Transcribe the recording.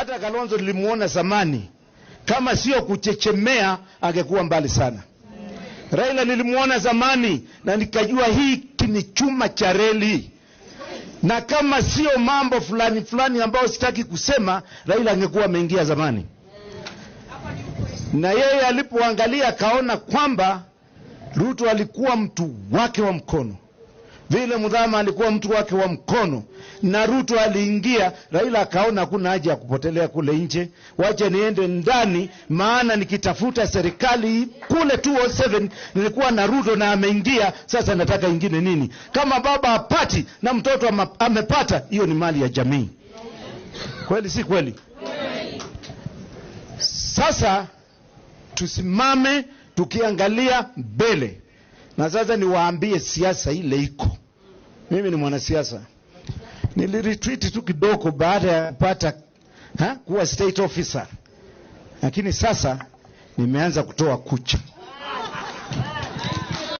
Hata Kalonzo nilimuona zamani, kama sio kuchechemea angekuwa mbali sana. Raila nilimuona zamani na nikajua hiki ni chuma cha reli, na kama sio mambo fulani fulani ambayo sitaki kusema, Raila angekuwa ameingia zamani. Na yeye alipoangalia akaona kwamba Ruto alikuwa mtu wake wa mkono. Vile Mudhama alikuwa mtu wake wa mkono na Ruto aliingia, Raila akaona hakuna haja ya kupotelea kule nje, wache niende ndani, maana nikitafuta serikali kule 2007 nilikuwa na Ruto na ameingia, sasa nataka ingine nini? Kama baba apati na mtoto amepata, hiyo ni mali ya jamii. Kweli si kweli? Sasa tusimame tukiangalia mbele, na sasa niwaambie siasa ile iko mimi ni mwanasiasa, niliretreat tu kidogo baada ya kupata ha, kuwa state officer, lakini sasa nimeanza kutoa kucha.